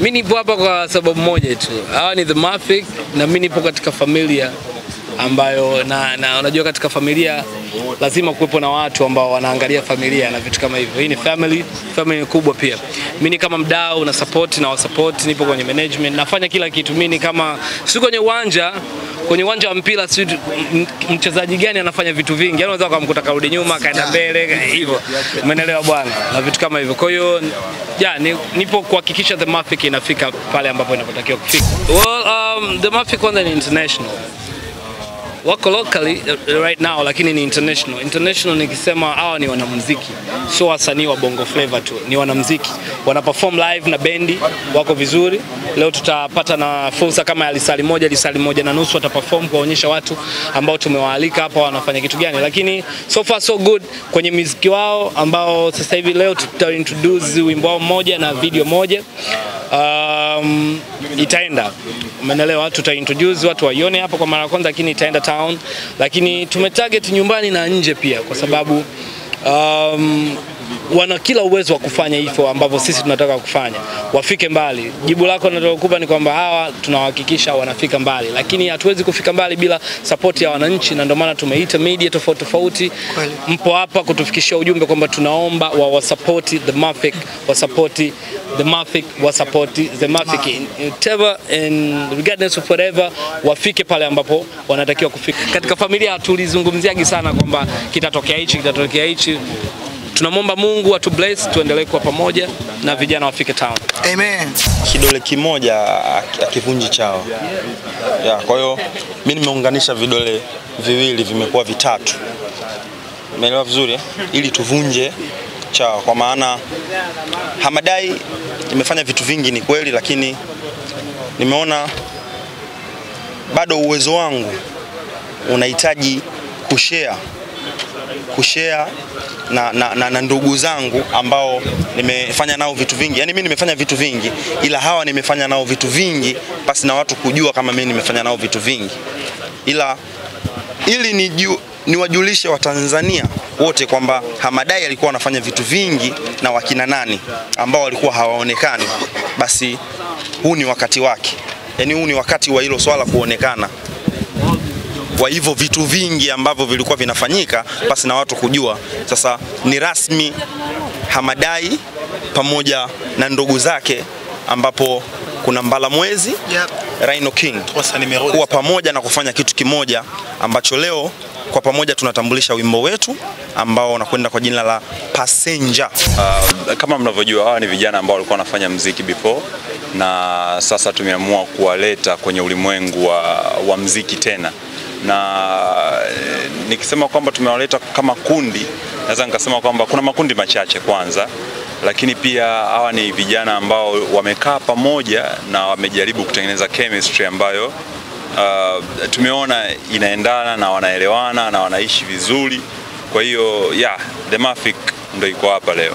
Mi nipo hapa kwa sababu moja tu, hawa ni The mafic na mi nipo katika familia ambayo na, na unajua katika familia lazima kuwepo na watu ambao wanaangalia familia na vitu kama hivyo. Hii ni family, family kubwa pia. Mimi kama mdau na support na wasupport, nipo kwenye management, nafanya kila kitu. Mimi kama si kwenye uwanja kwenye uwanja wa mpira si mchezaji gani anafanya vitu vingi, yani unaweza ukamkuta karudi nyuma akaenda mbele hivyo, umeelewa bwana, na vitu kama hivyo. Kwa hiyo ya ni, nipo kuhakikisha the Mafic inafika pale ambapo inapotakiwa kufika. Well, um, the Mafic kwanza ni international wako locally uh, right now, lakini ni international. International nikisema hawa ni wanamuziki, sio wasanii wa bongo flava tu, ni wanamuziki wana perform live na bendi, wako vizuri. Leo tutapata na fursa kama ya lisali moja lisali moja na nusu wataperform kuwaonyesha watu ambao tumewaalika hapa wanafanya kitu gani, lakini so far so good kwenye muziki wao ambao sasa hivi leo tuta introduce wimbo wao mmoja na video moja um, itaenda umeelewa, introduce watu waione hapa kwa mara ya kwanza, lakini itaenda town, lakini tumetarget nyumbani na nje pia, kwa sababu um, wana kila uwezo wa kufanya hivyo ambavyo sisi tunataka kufanya, wafike mbali. Jibu lako ninalokupa ni kwamba hawa tunawahakikisha wanafika mbali, lakini hatuwezi kufika mbali bila sapoti ya wananchi, na ndio maana tumeita media tofauti tofauti, mpo hapa kutufikishia ujumbe kwamba tunaomba wa wasapoti the Mafic, wasapoti the Mafic, wasapoti the Mafic whatever and regardless of whatever, wafike pale ambapo wanatakiwa kufika. Katika familia hatulizungumziagi sana kwamba kitatokea hichi kitatokea hichi tunamwomba Mungu atubless, tuendelee kuwa pamoja na vijana wafike town. Amen. Kidole kimoja akivunji chao. Ya, kwa hiyo mimi nimeunganisha vidole viwili vimekuwa vitatu, umeelewa vizuri, eh? ili tuvunje chao, kwa maana Hamadai imefanya vitu vingi, ni kweli, lakini nimeona bado uwezo wangu unahitaji kushare kushare na, na, na, na ndugu zangu ambao nimefanya nao vitu vingi. Yaani mimi nimefanya vitu vingi, ila hawa nimefanya nao vitu vingi pasi na watu kujua kama mimi nimefanya nao vitu vingi, ila ili niju, niwajulishe Watanzania wote kwamba Hamadai alikuwa anafanya vitu vingi na wakina nani ambao walikuwa hawaonekani, basi huu ni wakati wake. Yaani huu ni wakati wa hilo swala kuonekana kwa hivyo vitu vingi ambavyo vilikuwa vinafanyika basi na watu kujua, sasa ni rasmi Hamadai pamoja na ndugu zake ambapo kuna Mbalamwezi yep. Rhino King kuwa pamoja na kufanya kitu kimoja ambacho leo kwa pamoja tunatambulisha wimbo wetu ambao unakwenda kwa jina la Passenger. Uh, kama mnavyojua hawa ni vijana ambao walikuwa wanafanya mziki before na sasa tumeamua kuwaleta kwenye ulimwengu wa, wa mziki tena na eh, nikisema kwamba tumewaleta kama kundi, naweza nikasema kwamba kuna makundi machache kwanza, lakini pia hawa ni vijana ambao wamekaa pamoja na wamejaribu kutengeneza chemistry ambayo uh, tumeona inaendana na wanaelewana na wanaishi vizuri. Kwa hiyo yeah, The Mafic ndio iko hapa leo.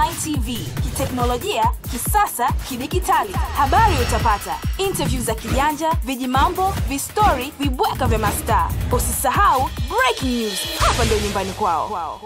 Online TV, kiteknolojia, kisasa, kidigitali Habari utapata, interview za kijanja, vijimambo, vistori, vibweka vya mastaa. Usisahau breaking news, hapa ndio nyumbani kwao.